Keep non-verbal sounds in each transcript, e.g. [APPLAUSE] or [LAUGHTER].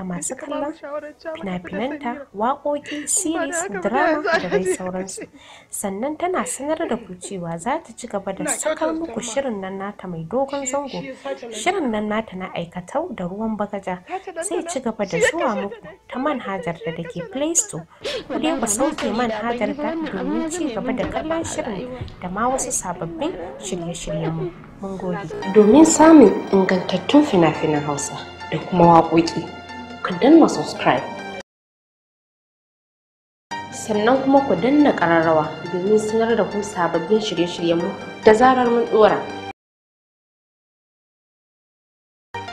ga masu kallon fina-finanta waƙoƙi series drama da dai sauransu sannan tana sanar da ku cewa za ta ci gaba da sakar muku shirin nan nata mai dogon zango shirin nan nata na aikatau da ruwan bagaja sai ci gaba da zuwa muku ta manhajar da dake play store ku dai sauke manhajar da domin ci gaba da kallon shirin da ma wasu sababbin shirye-shiryenmu mun gode domin samun ingantattun fina-finan hausa da kuma waƙoƙi ku danna subscribe sannan kuma ku danna ƙararrawa domin sanar da ku sababbin shirye-shiryenmu da zarar mun ɗora.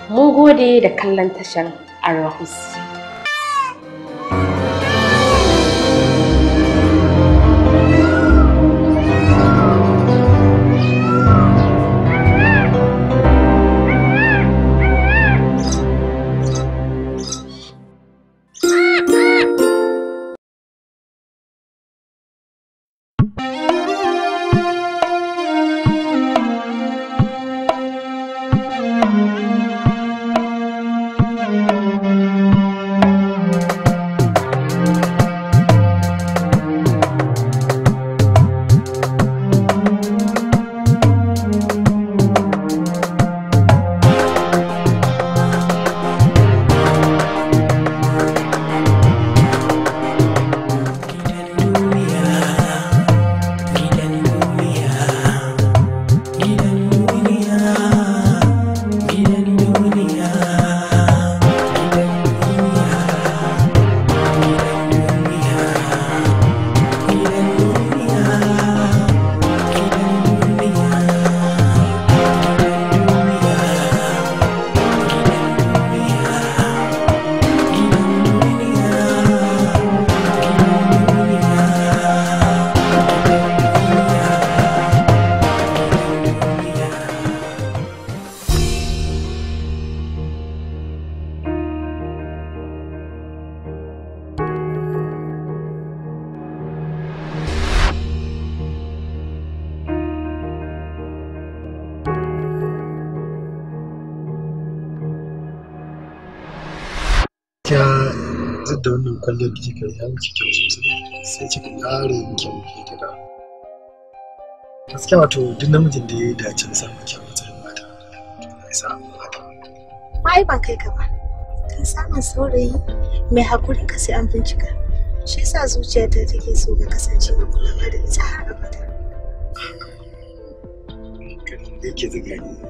Mun gode da kallon tashar Arahus. kwalliyar da kika yi ya miki kyau sosai sai kika ƙara yin kyau ke gida gaskiya wato duk namijin da ya dace da samun kyau mata to ya isa mata ma ai ba kai ka ba kan samun saurayi mai hakurin ka sai an bincika shi yasa zuciyata take so ga kasance da ba da ita har abada yake zuga ni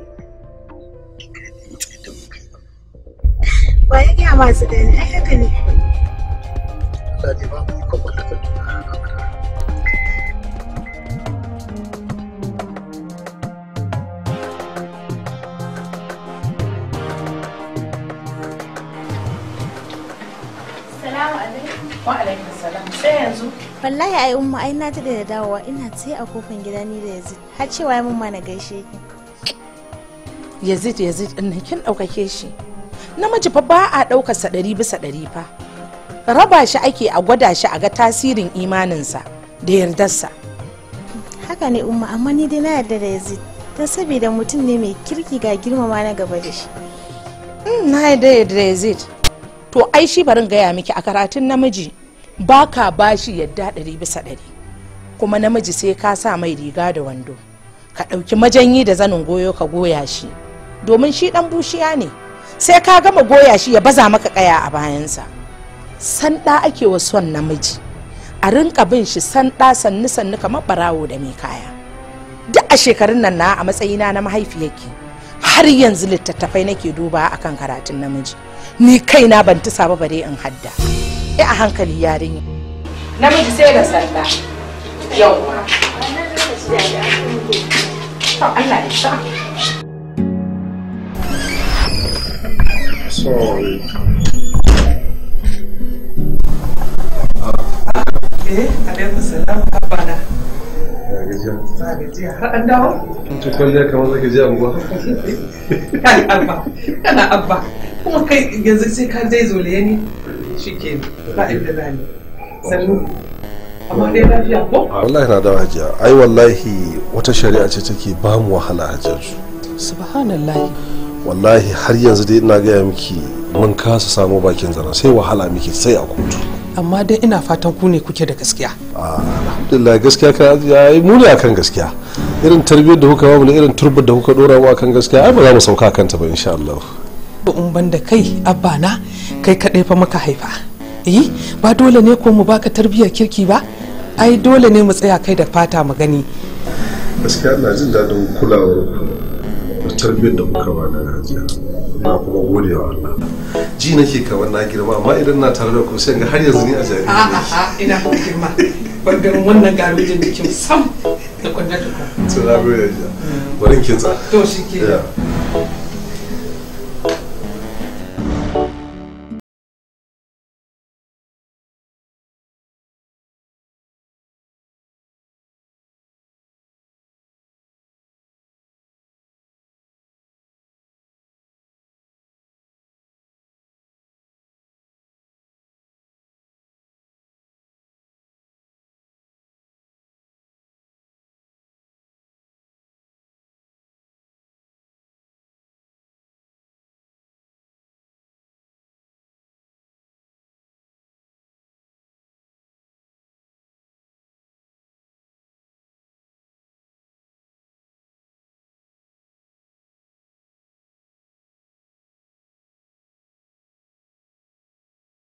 ba ya gaya masu gani ai haka ne Allah ne ba mu ikon wallahi ai umma ai na tada da dawowa ina tsaye a kofin gida ni da yazid har cewa ya mun na gaishe ki yazid yazid ina kin daukake shi namiji fa ba a dauka sa 100 bisa 100 fa raba shi ake a gwada shi a ga tasirin imaninsa da yardarsa haka ne umma amma ni dai na yarda da yazid don saboda mutum ne mai kirki ga girmama na gaba da shi hmm, na yarda yarda da yazid to ai shi barin gaya miki a karatun namiji ba ka ba shi yadda ɗari bisa ɗari kuma namiji sai ka sa mai riga da wando ka ɗauki majanyi da zanin goyo ka goya shi domin shi ɗan bushiya ne sai ka gama goya shi ya baza maka ƙaya a bayansa san ɗa ake wa son namiji a rinka bin shi san ɗa sannu sannu kamar ɓarawo da mai kaya duk a shekarun nan na a matsayina na mahaifiyarki har yanzu littattafai nake duba akan karatun namiji ni kaina ban ti saba bare in hadda e a hankali yarinya namiji sai da sanda yau eh alaikum salam abana ya gajiya ba gajiya har an dawo to kwalle kamar zaka ji abuwa [LAUGHS] kai abba kana abba kuma kai yanzu sai ka zai zolaye ni shike ba inda zani sannu Amma wallahi na da hajiya ai wallahi wata shari'a ce take ba mu wahala hajjaju subhanallah wallahi har yanzu dai ina gaya miki mun kasa samu bakin zara sai wahala miki sai a kotu amma dai ina fatan ku ne kuke da gaskiya alhamdulillah gaskiya ka yi muni akan gaskiya irin tarbiyyar da kuka ba irin turbar da kuka dora mu akan gaskiya ai ba za mu sauka kanta ba insha Allah in ban da kai abba kai kadai fa muka haifa eh ba dole ne ko mu baka tarbiyyar kirki ba ai dole ne mu tsaya kai da fata mu gani gaskiya ina jin daɗin kulawar tarbiyyar da kuka ba na hajiya na kuma gode wa Allah ji nake ka wannan girma amma idan na tare da ku sai ga har yanzu ni a jari a'a ina ku girma ban wannan garejin da kin sam da kwanda da ku to na gode ya barin kinsa to shi ke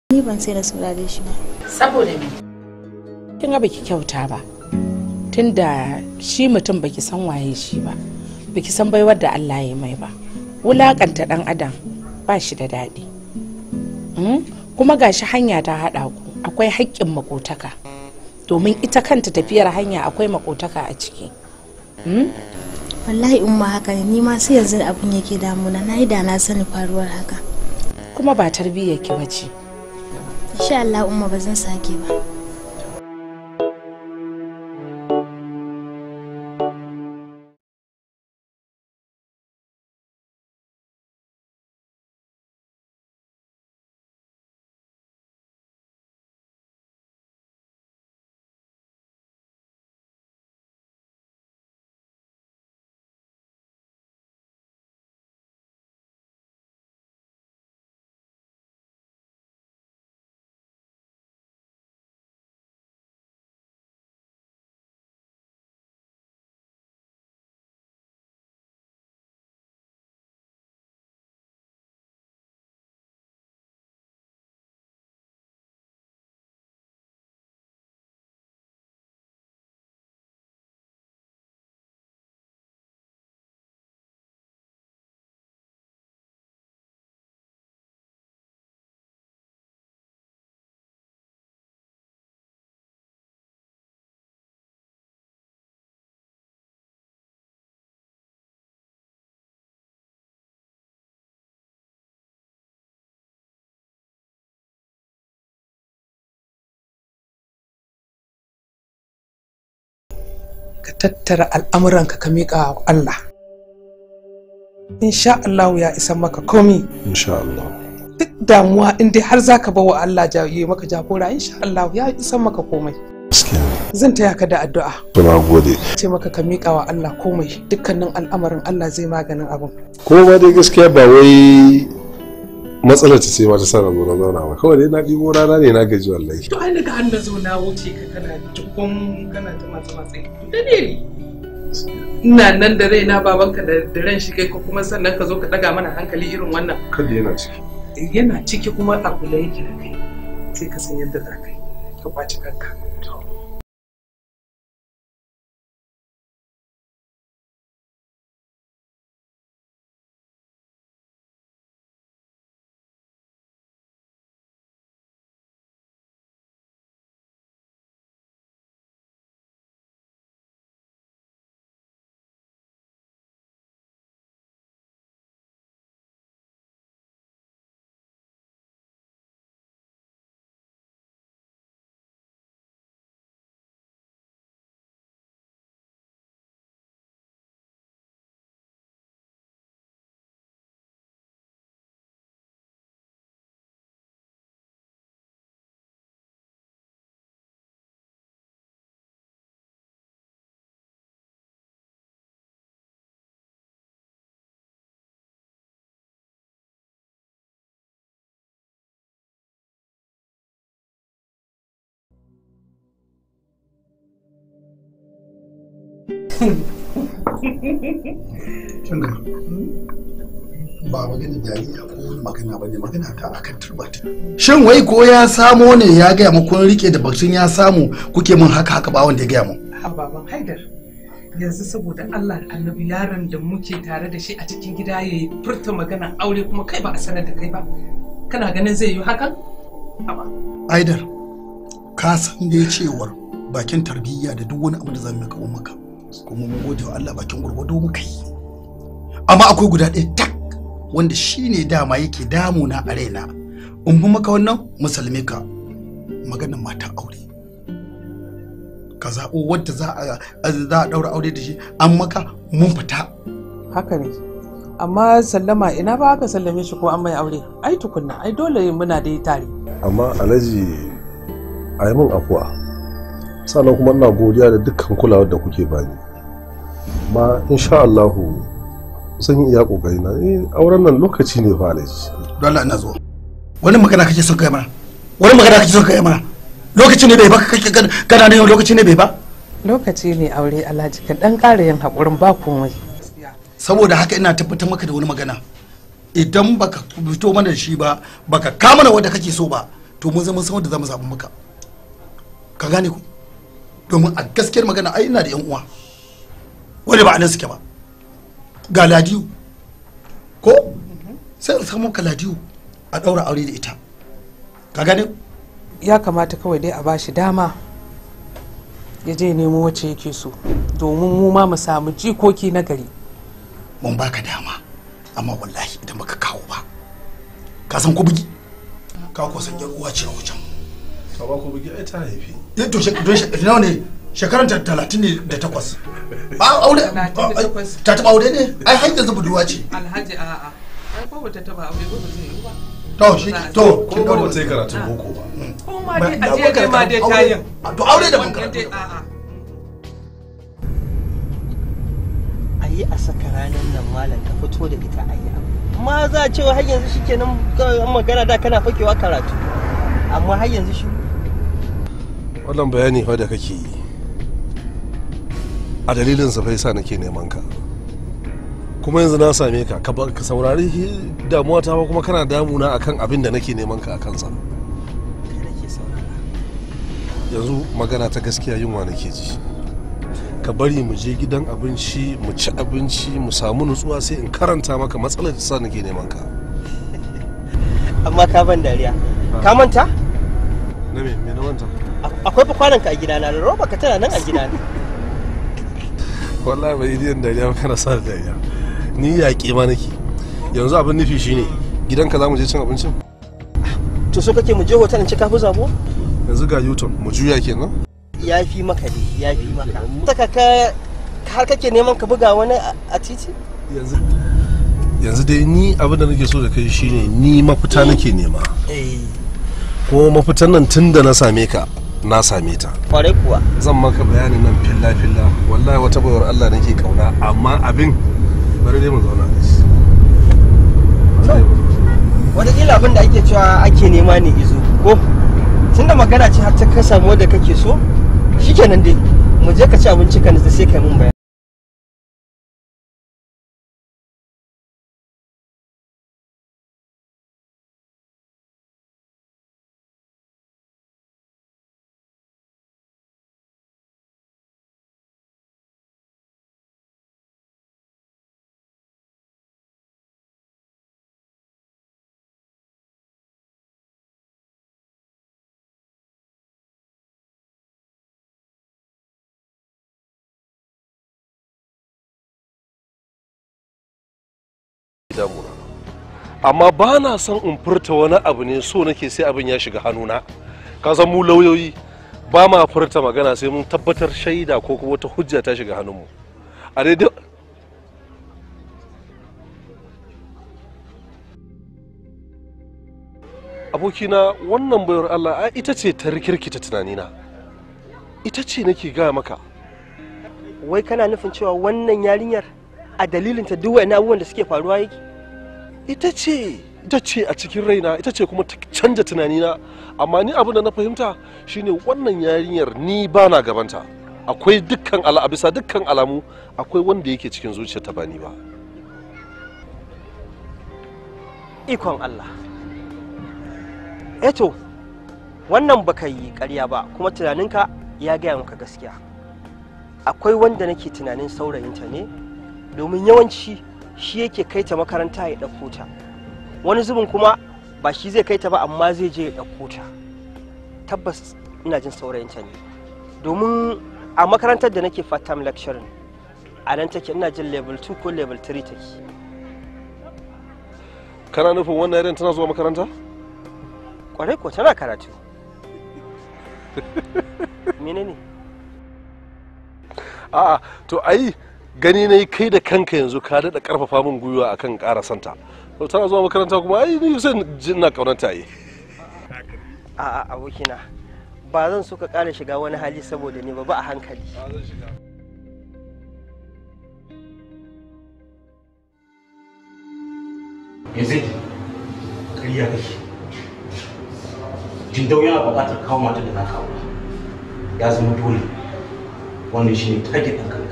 Ni ban sai da saurare shi ba. Saboda me? Kin ga baki kyauta ba. Tunda shi mutum baki san waye shi ba. Baki san bai wadda Allah ya mai ba. Wulakanta dan adam ba shi da daɗi. Hmm? Kuma gashi hanya ta haɗa ku. Akwai haƙƙin makotaka. Domin ita kanta tafiyar hanya akwai makotaka a ciki. Hmm? Wallahi umma haka ne ni ma sai yanzu abin yake damuna na nayi da na sani faruwar haka. Kuma ba tarbiyyar ki wace. insha Allah umma ba zan sake ba ka tattara al'amuranka ka miƙa wa Allah insha Allah ya isa maka komi insha Allah duk damuwa in dai har zaka bawa Allah yi maka jagora insha Allah ya isa maka komai zan taya ka da addu'a to na gode ce maka ka miƙa wa Allah komai dukkanin al'amarin Allah zai maganin abin Ko ba dai gaskiya ba wai matsalar ta ce ma ta sanar gona zauna ba kawai dai na gona na ne na gaji wallahi to ai daga an da wuce ka kana tukun kana ta matsa matsa da ne ina nan da raina babanka da ran shi kai ko kuma sannan ka zo ka daga mana hankali irin wannan kada yana ciki yana ciki kuma a kula yake da kai sai ka san yadda za ka yi ka kwaci kanka Tunga, hmm, ba magana jariya ko magana ba ne magana ta akan turbata. Shin wai ko ya samo ne ya gaya mu kun rike da bakin ya samu kuke min haka haka ba wanda ya gaya mu. Ababan Haidar, yanzu saboda Allah annabi yaron da muke tare da shi a cikin gida ya yi furta magana aure kuma kai ba a sanar da kai ba. Kana ganin zai yi hakan? Haidar, ka san dai cewar bakin tarbiyya da duk wani abu da zan maka maka. kuma mun gode wa Allah bakin gurgudu muka yi amma akwai guda ɗaya tak wanda shine dama yake damuna a raina in fi maka wannan musulmi ka maganar mata aure ka zaɓo wadda za a ɗaura aure da shi an maka mun fita haka ne amma sallama ina ba aka sallame shi ko an mai aure ai tukunna ai dole muna da tare amma alhaji ai mun afuwa sannan kuma ina godiya da dukkan kulawar da kuke bani ma insha Allah sun yi iya kokari na eh auren nan lokaci ne fa alaji don Allah ina zo wani magana kake son kai mana wani magana kake son kai mana lokaci ne bai ba kake gana ne lokaci ne bai ba lokaci ne aure alhaji ka dan kare yin hakurin ba komai saboda haka ina tabbatar maka da wani magana idan baka fito mana shi ba baka kama na wanda kake so ba to mun zama sanar da zamu zaɓi maka ka gane ku domin a gaskiyar magana ai ina da yan uwa wani ba a nan suke ba ga ladiyu ko sai in samu ka ladiyu a ɗaura aure da ita ka gani ya kamata kawai dai a bashi dama ya je nemo wacce yake so domin mu ma mu samu jikoki na gari mun baka dama amma wallahi idan baka kawo ba ka san ku bugi ka ko san yan uwa ce a wajen ka ba ku bugi ai ta haifi Eh, to nawa ne shekaran talatin ne da takwas aure ta taba aure ne ai har yanzu budurwa ce alhaji a'a ai ko ta taba aure ba zai yi ba to shi to kin daure ba sai karatun boko ba mm. ko ma dai aje kai ma dai tayin to aure da banka a'a ayi a saka ranar nan malam ka fito da ita ayi ma za cewa har yanzu shikenan magana da kana fakewa karatu amma har yanzu shi wannan bayani fa da kake yi a dalilin sa fa nake neman ka kuma yanzu na same ka ka saurari damuwa ta kuma kana damuna akan abin da nake neman ka akan sa yanzu magana ta gaskiya yunwa nake ji ka bari mu je gidan abinci mu ci abinci mu samu nutsuwa sai in karanta maka matsalar da sa nake neman ka amma ka ban dariya ka manta na me na manta akwai fa kwanan ka a gida na roba ka tana nan a gida ne [LAUGHS] wallahi bai idiyan dariya kana sa dariya ni yaƙi ma nake yanzu abin nufi shine gidanka za mu je cin abincin to so kake mu je hotel ci kafi zabo yanzu ga yuton mu juya kenan ya fi maka ne ya fi maka saka ka har kake neman ka buga wani a titi yanzu yanzu dai ni abin da nake so da kai shine ni mafita eh. nake nema eh. kuma mafitan nan tun da na same ka na same ta kware kuwa zan maka bayanin nan filla filla wallahi wata bayar Allah nake kauna amma abin bari dai mu zauna da shi kila abin da ake cewa ake nema ne izo ko tunda magana ce har ta ka samu wadda kake so shikenan dai mu je ka ci abinci ka nutsa sai kai mun bayani amma ba na son in furta wani abu ne so nake sai abin ya shiga hannuna ka san mu lauyoyi ba ma furta magana sai mun tabbatar shaida ko kuma wata hujja ta shiga hannunmu a daidai abokina wannan bayar allah a ita ce ta rikirkita tunanina ita ce nake gaya maka wai kana nufin cewa wannan yarinyar a dalilinta duk wani abubuwan da suke faruwa yake ita ce ita ce a cikin raina ita ce kuma ta canja tunanina amma ni abin da na fahimta shine wannan yarinyar ni ba na gabanta akwai dukkan ala bisa dukkan alamu akwai wanda yake cikin zuciyarta ba ni ba ikon Allah eto eh wannan baka yi ƙarya ba kuma tunaninka ya gaya maka gaskiya akwai wanda nake tunanin saurayinta ne domin yawanci shi yake kai ta makaranta ya ɗauko ta wani zubin kuma ba shi zai kai ta ba amma zai je ya ɗauko ta tabbas ina jin saurayinta ne domin a makarantar da nake fat time lecturing a nan take ina jin level 2 ko level 3 take kana nufin wannan yaren tana zuwa makaranta kwarai ko tana karatu [LAUGHS] menene a'a to ai gani na yi kai da kanka yanzu ka daɗa ƙarfafa min gwiwa a kan ƙara santa tana zuwa makaranta kuma ai ni sai na ƙaunanta yi a'a abokina ba zan so ka ƙara shiga wani hali saboda ni ba ba a hankali yanzu jin kake ba yana buƙatar kawo mata da na kawo ya zama dole wannan shi ne ke ɗin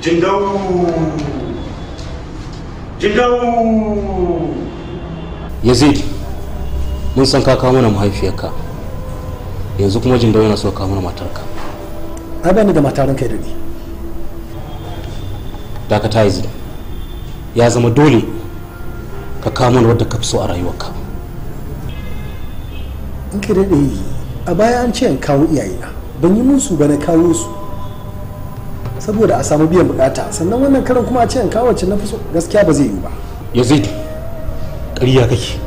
jingau jingau yazid mun san ka kawo mana mahaifiyarka yanzu kuma jingau yana so ka kawo mana matarka ai bani da mataran kai da ni dakata yazid ya zama dole ka kawo mana wadda ka fi so a rayuwarka in ka daɗe a baya an ce in kawo iyayena ban yi musu ba na kawo su saboda a samu biyan bukata sannan wannan karin kuma a ce kawo wacce na fi gaskiya ba zai yi ba yazid ƙarya kake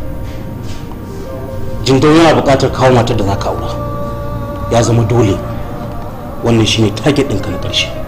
jindau yana bukatar kawo matar da za ka aura ya zama dole wannan shine target ɗinka na ƙarshe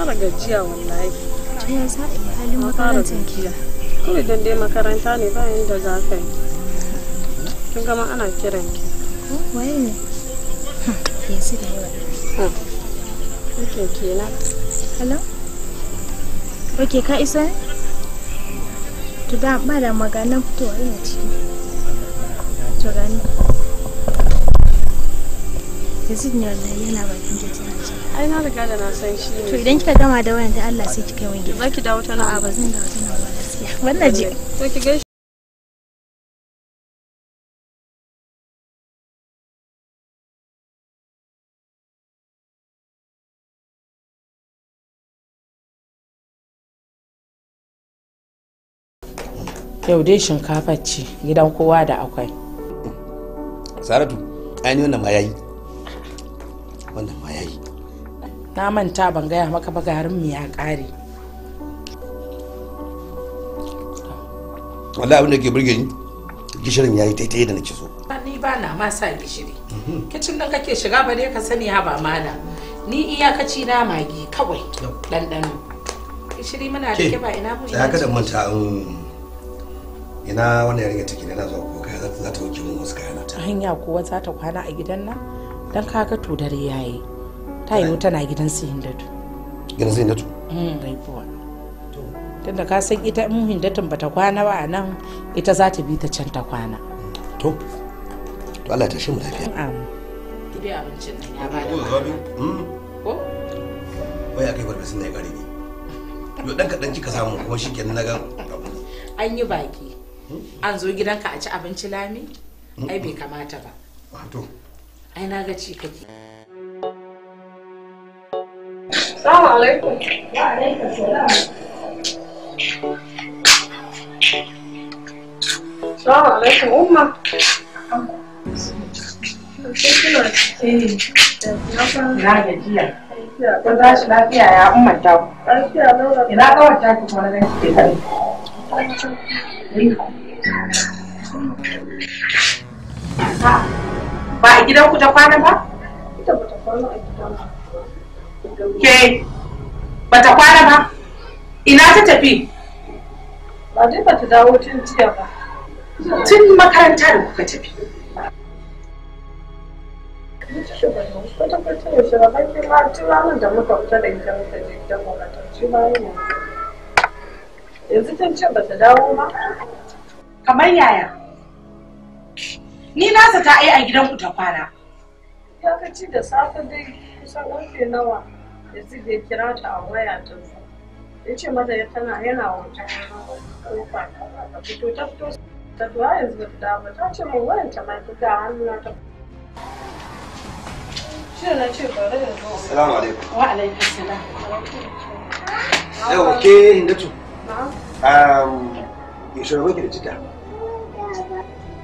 fara gajiya wallahi ta ya sa in halin makarantar kira kawai don dai makaranta ne ba yadda za ka yi kin gama ana kiran ki waye ne ya su da yawa ok kenan hello ok ka isa ne to da ba da magana fitowa ina ciki to gani yazid yana bakin ai na to idan kika gama da wayan da Allah sai kika yi zaki dawo a bazan dawo ba gaskiya yau dai shinkafa ce gidan kowa da akwai saratu ainihin wannan ma wannan ma yayi na manta ban gaya maka ba garin mu ya kare wallahi abin da ke burge ni gishirin yayi daidai da nake so ni ba na ma sa gishiri mhm. kicin nan kake shiga ba dai ka sani ha ba mana ni iyakaci na magi kawai ɗanɗano gishiri muna da kiba ina mu ina kada manta ina wannan yarinya take ne na zo ko kai za ta wuce mun wasu kayana ta hanya kuwa za ta kwana a gidan nan don kaga to dare yayi ta wuta na gidan su hindatu gidan su hindatu hmm, tunda ka san ita in hindatun bata kwana ba a nan ita za ta bi ta can ta kwana to to Allah ta shi mu lafiya amin bi abincin nan ya bada ko hmm. ko wai akai sun dai gari ne yo dan kadan kika samu kuma shikenan na ga an yi baki hmm? an zo gidanka a ci abinci lami ai bai kamata ba ah, to ai na ga ci kake Assalamu alaikum. Wa alaikum salam. Assalamu alaikum umma. Na gajiya. Kun za shi lafiya ya umma ta ku. Ina kawar ta ku kuma na ke kare. Ha. ba a gidanku ta kwana ba? ita ba ta kwana a ke ba ta kwana ba ina ta tafi ba dai ba ta dawo tun jiya ba tun makaranta da kuka tafi yanzu tun ce ba ta dawo ba kamar yaya Ni na ta ai a gidan ku ta kwana. Ya ka ci da safe dai kusan ƙarfe nawa da su bai kira ta a waya ta zo. Ya ce mata ya tana yana wata kofa ta fito ta fito ta zuwa yanzu ba ta ba ta ce min wayan ta mai fita na ta. Shi na ce bari da zo. Salamu alaikum. Wa alaikum salam. Yau ke Hindatu. Na'am. Um, yaushe da cita?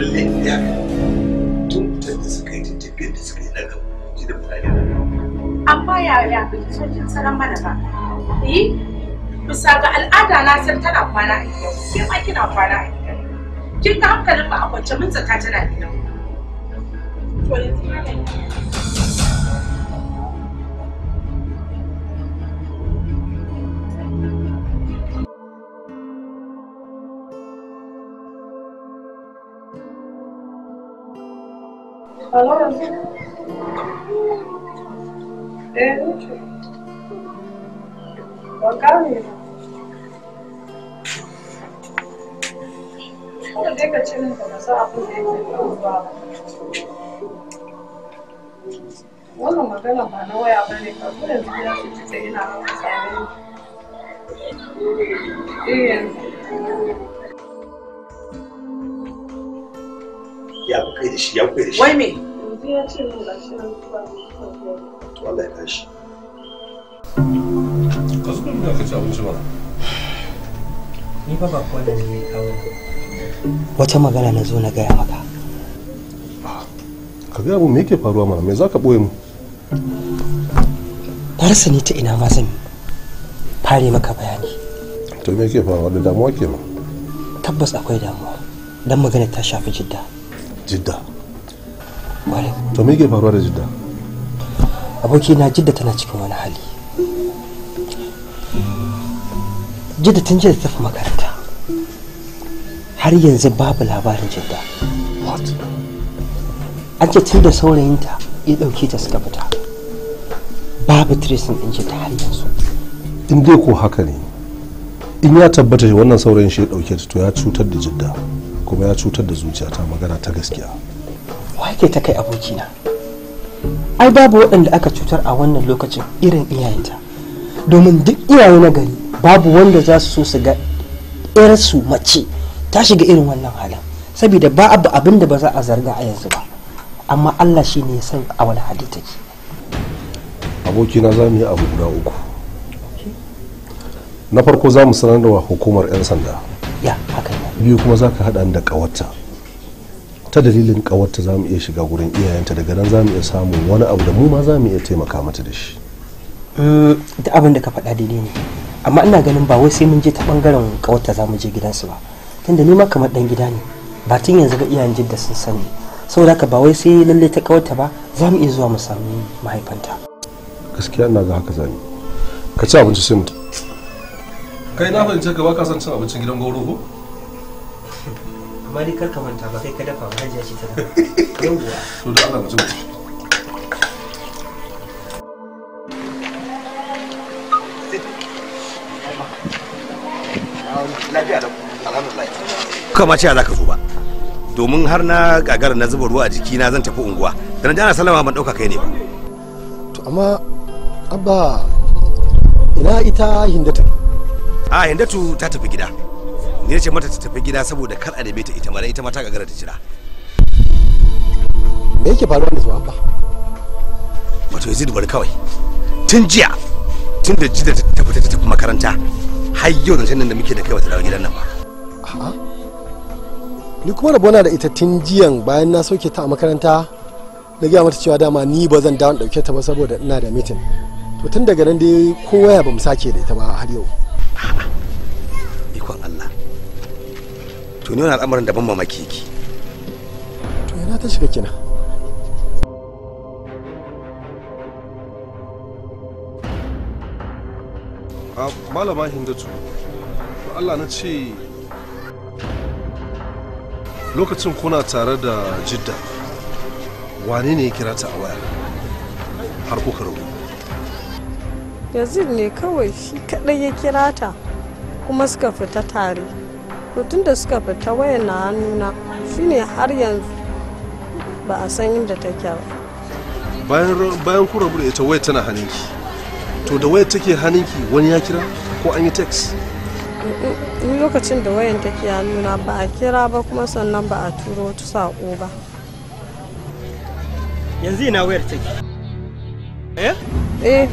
lallai ne ya tun amma yaya bai sanar mana ba eh bisa ga al'ada na san tana kwana a gidan ke ma kina kwana a kin ga hankalin ba a kwance mun tsaka tana gidan to yanzu Alô? É, a tia não a Wannan magana ba waya ba ne, kasu yanzu ya ku kai da shi ya ku kai da shi wai me ya ce shi ya tashi ka zo da ka ci abinci ba ni ba ba kwana ne kawo wata magana na zo na gaya maka ka gaya mu me yake faruwa mana me zaka boye ɓoye mu farsa ni ta ina ma zan fare maka bayani to me yake faruwa da damuwa ke kenan tabbas akwai damuwa dan magana ta shafi jidda jidda to me ke faruwa da jidda aboki na jidda tana cikin wani hali jidda tun jiya tafi makaranta har yanzu babu labarin jidda what an ce tun da saurayinta ya dauke ta suka fita babu tracing ɗin jidda har yanzu in dai ko haka ne in ya tabbata wannan saurayin shi ya ɗauke ta to ya cutar da jidda kuma ya cutar da zuciyata magana ta gaskiya ke ta kai abokina ai babu waɗanda aka cutar a wannan lokacin irin iyayenta domin duk iyaye na gari babu wanda za su so su ga su mace ta shiga irin wannan halin saboda ba abu abin da ba za a zarga a yanzu ba amma allah shi ne ya san a wani hali take abokina za mu yi abu guda uku na farko za mu sanar da hukumar 'yan sanda ya haka biyu kuma za ka haɗa da kawarta ta dalilin kawarta za mu iya shiga gurin iyayenta daga nan za mu iya samu wani abu da mu ma za mu iya taimaka mata da shi eh, da abin da ka faɗa daidai ne amma ina ganin ba wai sai mun je ta bangaren kawarta za mu je gidansu ba tunda ni ma kamar dan gida ne ba tun yanzu ga iyayen jidda sun sani saboda ka ba wai sai lalle ta kawarta ba za mu iya zuwa mu sami mahaifanta gaskiya ina ga haka zani ka ci abinci sai mu kai na fahimci ka baka son cin abincin gidan goro ko amma dai kar ka manta ba kai ka dafa ba hajiya ce ta dafa yawwa to da Allah mutum ci kama ce za ka zo ba domin har na gagara na zuba ruwa a jiki na zan tafi unguwa da na jana salama ban dauka kai ne ba to amma abba ina ita hindata a tu ta tafi gida ni ce mata ta tafi gida saboda kar a dabe ta ita mara ita ma ta gagara ta jira me yake faruwa da su abba wato yazid bari kawai tun jiya tun da jida ta tafi ta tafi makaranta har yau da nan da muke da kai wata dawo gidan nan ba a'a ni kuma rabona da ita tun jiyan bayan na soke ta a makaranta na gaya mata cewa dama ni ba zan dawo dauke ta ba saboda ina da mitin to tun daga nan dai kowa ya bamu sake da ita ba har yau to ni wani al'amarin daban mamaki yake to yana ta shiga kina a ah, malama ba Allah na ce lokacin kuna tare da jidda wane ne ya kira ta a waya har kuka rubu yazid ne kawai shi kadai ya kira ta kuma suka fita tare to tun da suka fita wayan na hannuna shine har yanzu ba a san inda take ba bayan ku rabu ita waye tana hannunki to da wayar take hannunki wani ya kira ko an yi text ni lokacin da wayan take hannuna ba a kira ba kuma sannan ba a turo wata sako ba yanzu ina wayar take eh, eh.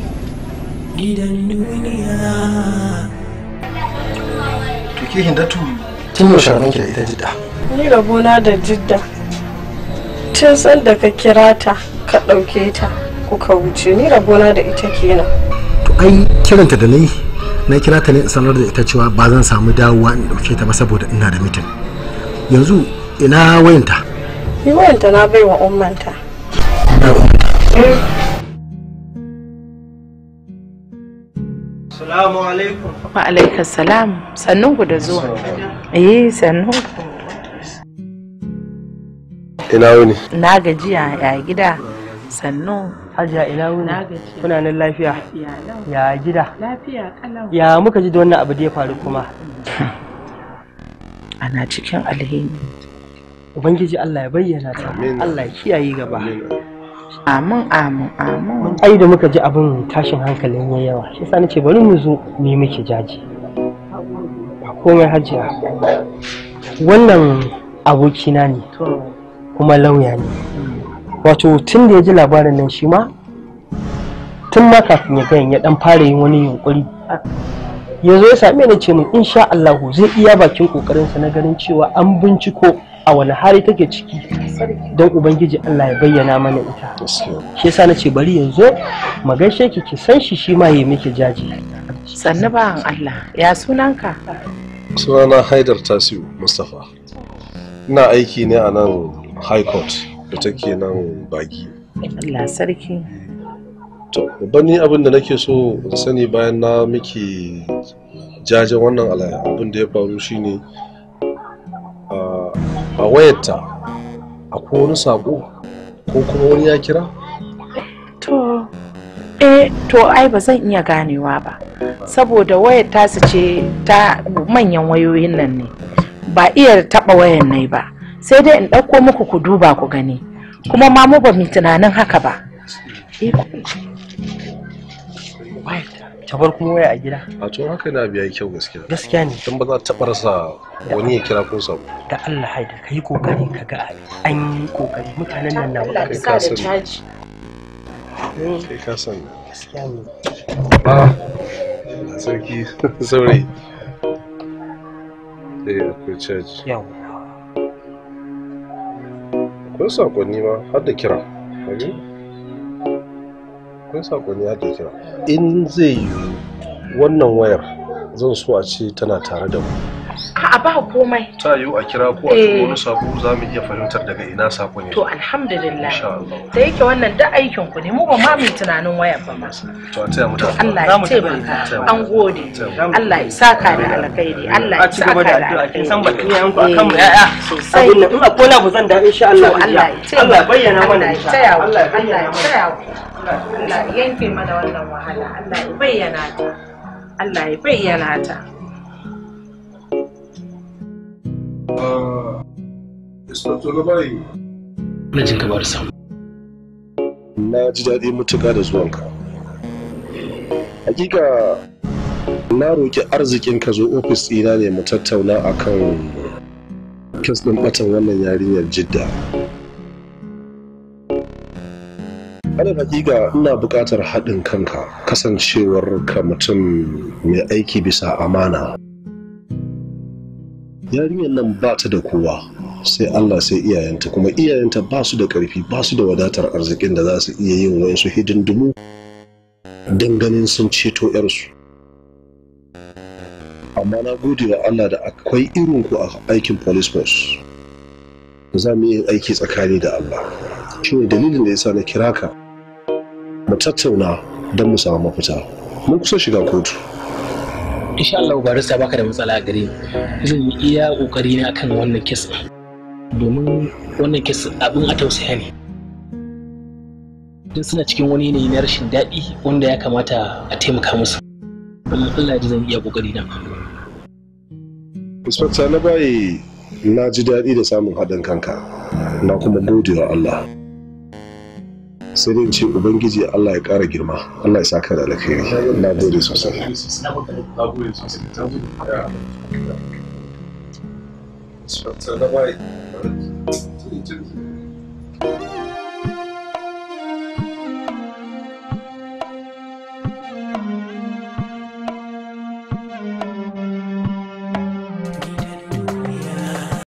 gidan duniya to ke hindatu tun yaushe rabonki da ita jidda ni rabona da jidda tun san da ka kira ta ka ɗauke ta kuka wuce ni rabona da ita kenan to ai kiranta da ni na kira ta ne in sanar da ita cewa ba zan samu dawowa in ɗauke ta ba saboda ina da mitin yanzu ina wayanta ni wayanta na baiwa ummanta bai ummanta eh. Assalamu alaikum. Wa alaikum salam. Sannun ku da zuwa. Eh, sannu. Ina wuni? Na gajiya ya gida. Sannu. Hajiya ina wuni? Na gajiya. Kuna nan lafiya? Ya gida. Lafiya kalau. Ya muka ji da wannan abu da ya faru kuma? [LAUGHS] Ana cikin alheri. Ubangiji Allah ya bayyana ta. Allah ya kiyaye gaba. Amin. amin amin amin ai da muka ji abin tashin hankalin ya yawa shi sa nace bari mu zo mu yi miki jaji ba komai hajiya wannan abokina ne kuma lauya ne wato tun da ya ji labarin nan shi ma tun ma kafin ya gayan ya dan fara yin wani yunkuri ya zo ya same ni ce min insha Allah zai iya bakin kokarinsa na ganin cewa an binciko a wani hali take ciki don ubangiji Allah ya bayyana mana ita shi yasa ce bari yanzu mu gaishe ki ki san shi shi ma ya miki jaji sannu ba Allah ya sunanka sunana Haidar Tasiu Mustafa ina aiki ne a nan High Court da take nan bagi Allah sarki to babban abin da nake so in sani bayan na miki jajen wannan alaya abin da ya faru shine ah, a wayarta akwai wani sako ko kuma wani ya kira? To, eh, to ai ba zan iya ganewa ba, saboda wayar tasu ce ta manyan wayoyin nan ne, ba iya taɓa wayan nai ba, sai dai in ɗauko muku ku duba ku gani, kuma ma mu ba mu tunanin haka ba. Eh, ta bar kuma waya a gida a to haka na biya kyau gaskiya gaskiya ne tun ba za ta bar wani ya kira ko sabo da Allah haida kai kokari ka ga an yi kokari mutanen nan na ka kai ka san hmm. gaskiya ne ba ah, sarki saurayi [LAUGHS] eh charge yawa akwai sakonni ma har da kira akwai sakonni ya ke kira in zai yiwu wannan wayar zan so a ce tana tare da mu A'a ba komai. Ta yiwu a kira ko a wani sako za mu iya fahimtar daga ina sako ne. To alhamdulillah. Ta yake wannan da aikin ku ne mu ba ma mu tunanin wayar ba ma. To a taya mu Allah ya An gode. Allah ya saka da alkhairi. Allah ya saka da alkhairi. Kin san yayan ku akan mu yaya. Sosai. in akwai na zan da insha Allah. Allah ya Allah bayyana mana Allah. Allah ya bayyana Allah ya yanke mana wannan wahala. Allah ya bayyana ta. Allah ya bayyana ta. Na jin Na ji daɗi mutuka da zuwanka. Hakika na roƙi arzikin ka zo ofis ɗina ne mu tattauna akan kes ɗin ɓatan wannan yarinyar jidda. ana hakika ina buƙatar haɗin kanka kasancewar ka mutum mai aiki bisa amana yarinyar nan ba ta da kowa sai Allah sai iyayenta kuma iyayenta ba su da ƙarfi ba su da wadatar arzikin da za su iya yin wayansu hidindimu don ganin sun ceto yarsu amma na gode wa Allah da akwai irin ku a aikin police force za mu yi aiki tsakani da Allah shi ne dalilin da ya sa na kira ka mu tattauna don mu samu mafita mun kusa shiga kotu insha Allah barista baka da matsala gare zan yi iya kokari na kan wannan kisa domin wannan kes abin a tausaya ne duk suna cikin wani yanayi na rashin daɗi wanda ya kamata a taimaka musu wannan Allah ji zan iya kokari na Inspector na bayi na ji daɗi da samun haɗin kanka na kuma gode wa Allah sai dai ce ubangiji Allah ya ƙara girma Allah ya saka da alkhairi na gode sosai Що це давай.